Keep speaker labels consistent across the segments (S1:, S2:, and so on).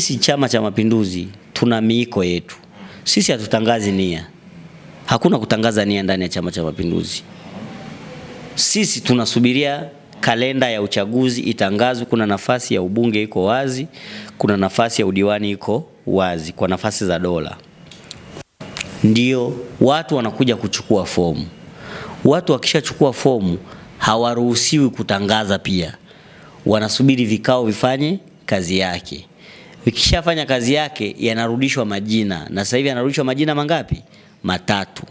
S1: Sisi Chama cha Mapinduzi tuna miiko yetu, sisi hatutangazi nia. Hakuna kutangaza nia ndani ya Chama cha Mapinduzi. Sisi tunasubiria kalenda ya uchaguzi itangazwe. Kuna nafasi ya ubunge iko wazi, kuna nafasi ya udiwani iko wazi kwa nafasi za dola, ndio watu wanakuja kuchukua fomu. Watu wakishachukua fomu hawaruhusiwi kutangaza, pia wanasubiri vikao vifanye kazi yake ikishafanya kazi yake yanarudishwa majina, na sasa hivi yanarudishwa majina mangapi? Matatu.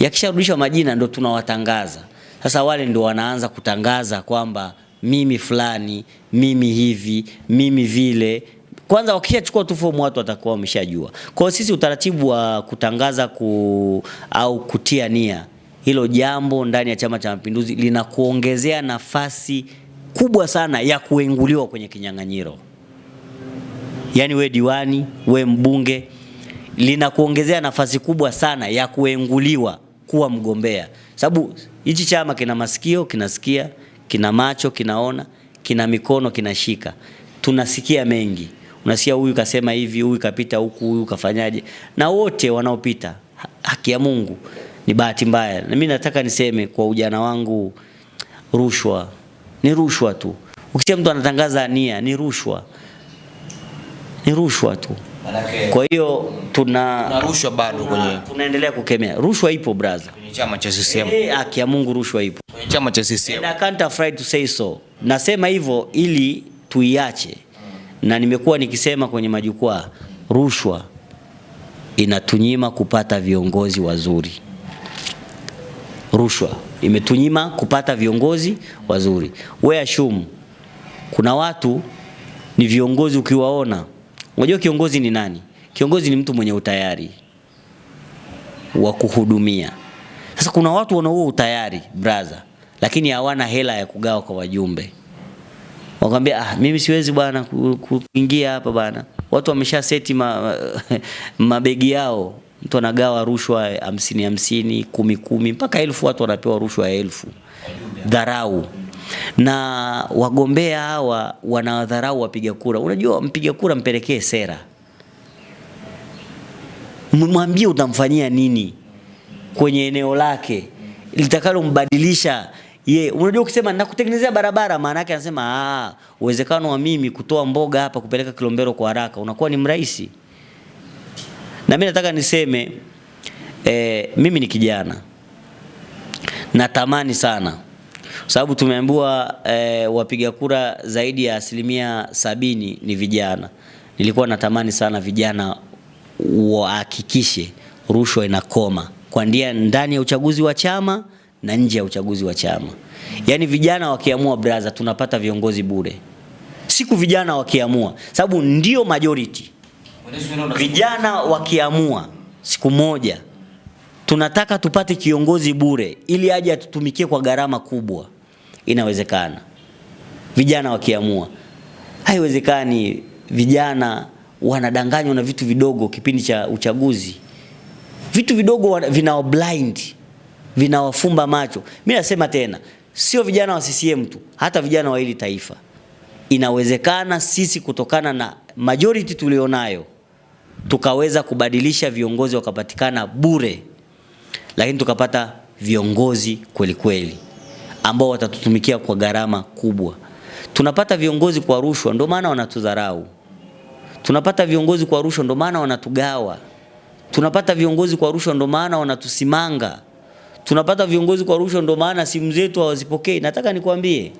S1: Yakisharudishwa majina ndo tunawatangaza sasa. Wale ndo wanaanza kutangaza kwamba mimi fulani, mimi hivi, mimi vile. Kwanza wakishachukua tu fomu watu watakuwa wameshajua. Kwa hiyo sisi utaratibu wa kutangaza ku, au kutia nia hilo jambo ndani ya Chama cha Mapinduzi linakuongezea nafasi kubwa sana ya kuenguliwa kwenye kinyang'anyiro yani we diwani, we mbunge, linakuongezea nafasi kubwa sana ya kuenguliwa kuwa mgombea, sababu hichi chama kina masikio kinasikia, kina macho kinaona, kina mikono kinashika, tunasikia mengi. Unasikia huyu kasema hivi, huyu kapita huku, huyu kafanyaje, na wote wanaopita haki ya Mungu ni bahati mbaya. Na mimi nataka niseme kwa ujana wangu, rushwa ni rushwa tu. Ukisikia mtu anatangaza nia, ni rushwa ni rushwa tu. Kwa hiyo tuna
S2: rushwa bado kwenye
S1: tunaendelea kukemea rushwa, ipo brother
S2: kwenye chama cha CCM.
S1: Eh, haki ya Mungu, rushwa ipo
S2: kwenye chama cha CCM.
S1: I can't afraid to say so, nasema hivyo ili tuiache, na nimekuwa nikisema kwenye majukwaa, rushwa inatunyima kupata viongozi wazuri. Rushwa imetunyima kupata viongozi wazuri. Wewe ashumu kuna watu ni viongozi ukiwaona Unajua kiongozi ni nani? Kiongozi ni mtu mwenye utayari wa kuhudumia. Sasa kuna watu wana huo utayari brother, lakini hawana hela ya kugawa kwa wajumbe. Wakwambia ah, mimi siwezi bwana kuingia hapa bwana. Watu wamesha seti ma, mabegi yao, mtu anagawa rushwa hamsini hamsini, kumi kumi, mpaka elfu. Watu wanapewa rushwa ya elfu, dharau na wagombea hawa wanawadharau wapiga kura. Unajua, mpiga kura mpelekee sera, mwambie utamfanyia nini kwenye eneo lake litakalombadilisha ye. Unajua, ukisema nakutengenezea barabara, maana yake anasema ah, uwezekano wa mimi kutoa mboga hapa kupeleka Kilombero kwa haraka unakuwa ni mrahisi. Na mimi nataka niseme eh, mimi ni kijana natamani sana kwa sababu tumeambiwa e, wapiga kura zaidi ya asilimia sabini ni vijana. Nilikuwa natamani sana vijana wahakikishe rushwa inakoma kwa ndia ndani ya uchaguzi wa chama na nje ya uchaguzi wa chama. Yaani vijana wakiamua, brother, tunapata viongozi bure siku vijana wakiamua, sababu ndio majority. Vijana wakiamua siku moja tunataka tupate kiongozi bure ili aje atutumikie kwa gharama kubwa. Inawezekana vijana wakiamua. Haiwezekani vijana wanadanganywa na vitu vidogo kipindi cha uchaguzi. Vitu vidogo vinawa blind, vinawafumba macho. Mimi nasema tena, sio vijana wa CCM tu, hata vijana wa hili taifa. Inawezekana sisi kutokana na majority tulionayo tukaweza kubadilisha viongozi wakapatikana bure lakini tukapata viongozi kweli kweli ambao watatutumikia kwa gharama kubwa. Tunapata viongozi kwa rushwa, ndio maana wanatudharau. Tunapata viongozi kwa rushwa, ndio maana wanatugawa. Tunapata viongozi kwa rushwa, ndio maana wanatusimanga. Tunapata viongozi kwa rushwa, ndio maana simu zetu hawazipokei. Nataka nikwambie,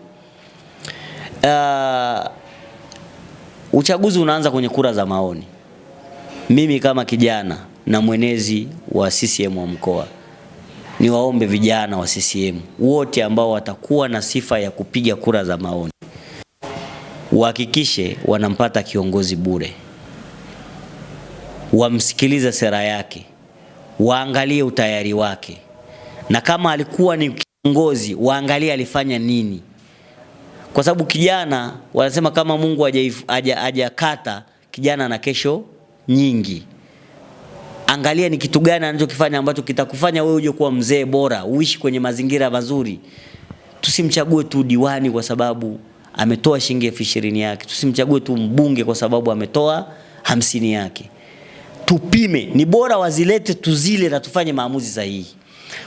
S1: uh, uchaguzi unaanza kwenye kura za maoni. Mimi kama kijana na mwenezi wa CCM wa mkoa niwaombe vijana wa CCM wote ambao watakuwa na sifa ya kupiga kura za maoni wahakikishe wanampata kiongozi bure, wamsikilize sera yake, waangalie utayari wake, na kama alikuwa ni kiongozi waangalie alifanya nini, kwa sababu kijana wanasema kama Mungu hajakata kijana na kesho nyingi angalia ni kitu gani anachokifanya ambacho kitakufanya wewe uje kuwa mzee bora, uishi kwenye mazingira mazuri. Tusimchague tu diwani kwa sababu ametoa shilingi elfu ishirini yake, tusimchague tu mbunge kwa sababu ametoa hamsini yake. Tupime, ni bora wazilete, tuzile na tufanye maamuzi sahihi,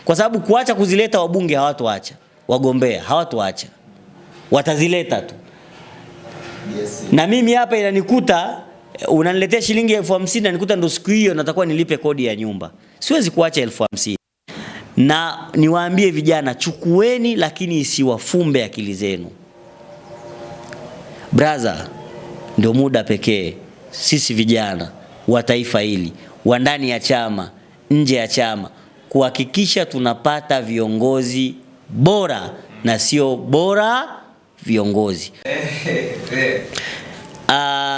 S1: kwa sababu kuacha kuzileta wabunge hawatoacha, wagombea hawatoacha, watazileta tu. Yes. Na mimi hapa inanikuta unaniletea shilingi elfu hamsini na nikuta ndo siku hiyo natakuwa nilipe kodi ya nyumba, siwezi kuacha elfu hamsini na niwaambie vijana, chukueni, lakini isiwafumbe akili zenu. brother. ndio muda pekee sisi vijana wa taifa hili wa ndani ya chama, nje ya chama, kuhakikisha tunapata viongozi bora na sio bora viongozi. Uh,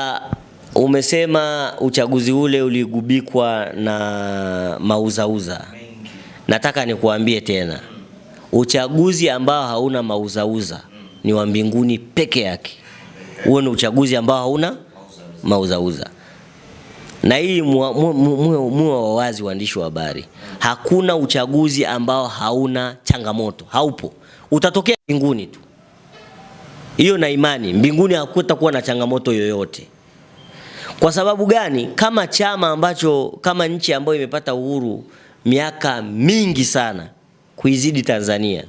S1: Umesema uchaguzi ule uligubikwa na mauzauza. Nataka nikuambie tena, uchaguzi ambao hauna mauzauza ni wa mbinguni peke yake. Huo ni uchaguzi ambao hauna mauzauza, na hii muwe wawazi, waandishi wa habari, hakuna uchaguzi ambao hauna changamoto. Haupo, utatokea mbinguni tu. Hiyo na imani, mbinguni hakutakuwa na changamoto yoyote. Kwa sababu gani? Kama chama ambacho, kama nchi ambayo imepata uhuru miaka mingi sana kuizidi Tanzania,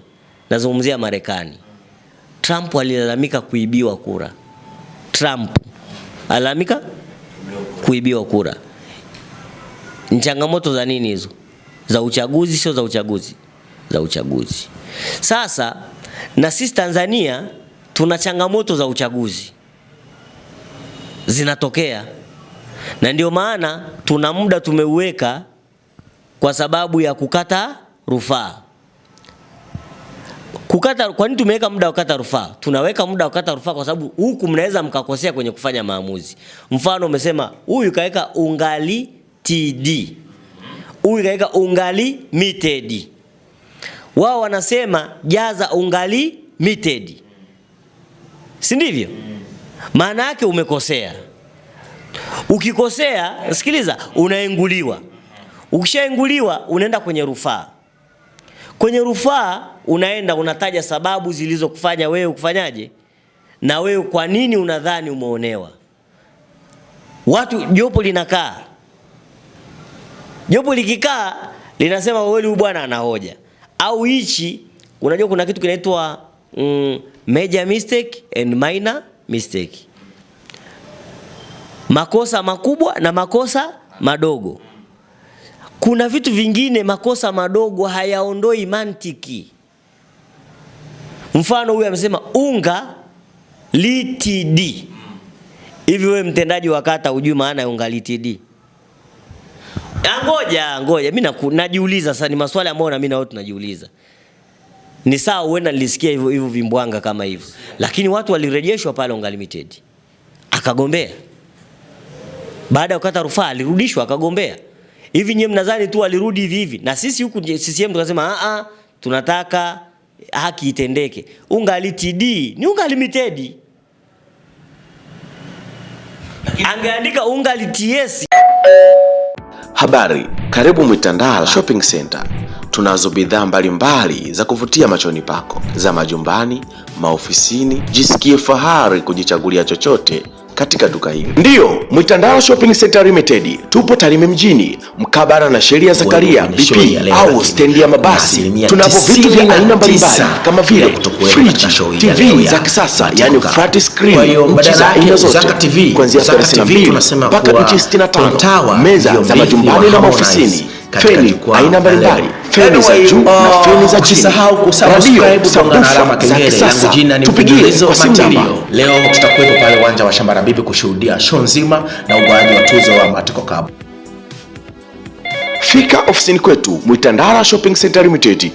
S1: nazungumzia Marekani. Trump alilalamika kuibiwa kura. Trump alalamika kuibiwa kura. Ni changamoto za nini hizo? Za uchaguzi? Sio za uchaguzi, za uchaguzi. Sasa na sisi Tanzania tuna changamoto za uchaguzi zinatokea na ndio maana tuna muda tumeuweka kwa sababu ya kukata rufaa. Kukata, kwa nini tumeweka muda wa kukata rufaa? Tunaweka muda wa kukata rufaa kwa sababu huku mnaweza mkakosea kwenye kufanya maamuzi. Mfano umesema huyu kaweka ungali TD, huyu kaweka ungali mited. Wao wanasema jaza ungali mited, si ndivyo? Maana yake umekosea. Ukikosea, sikiliza, unaenguliwa. Ukishaenguliwa unaenda kwenye rufaa. Kwenye rufaa unaenda unataja sababu zilizokufanya wewe ukufanyaje, na wewe kwa nini unadhani umeonewa. Watu jopo linakaa, jopo likikaa linasema wewe huyu bwana ana hoja au hichi. Unajua kuna kitu kinaitwa mm, major mistake and minor mistake makosa makubwa na makosa madogo. Kuna vitu vingine makosa madogo hayaondoi mantiki. Mfano huyu amesema unga LTD. Hivi wewe mtendaji wa kata hujui maana ya unga LTD? Ngoja ngoja, mimi najiuliza sasa, ni maswali ambayo na mimi na wewe tunajiuliza. Ni sawa, huenda nilisikia hivyo hivyo vimbwanga kama hivyo, lakini watu walirejeshwa pale unga limited akagombea baada ya kukata rufaa alirudishwa akagombea. Hivi nyie mnadhani tu alirudi hivi hivi? Na sisi huku CCM tukasema a ah, a, ah, tunataka haki itendeke. Ungali TD ni unga limited, angeandika ungali TS.
S3: Habari, karibu Mwitandala Shopping Center. Tunazo bidhaa mbalimbali za kuvutia machoni pako za majumbani, maofisini. Jisikie fahari kujichagulia chochote katika duka hili. Ndiyo, Mtandao Shopping Center Limited tupo Tarime mjini mkabara na sheria Zakaria BP au stendi ya mabasi. Tunapo vitu vya aina mbalimbali kama vile friji, TV za kisasa yani flat screen, nchi za aina zote kuanzia 32 mpaka nchi 65, meza za majumbani na maofisini, feni aina mbalimbali feni za juu na feni za chini. Usisahau kusubscribe, gonga alama kengele. Yangu jina ni Mfululizo Matilio. Leo tutakuwepo pale uwanja wa Shamba la Bibi kushuhudia show nzima na ugawaji wa tuzo wa Matiko Cup. Fika ofisini kwetu Mwitandara Shopping Center Limited.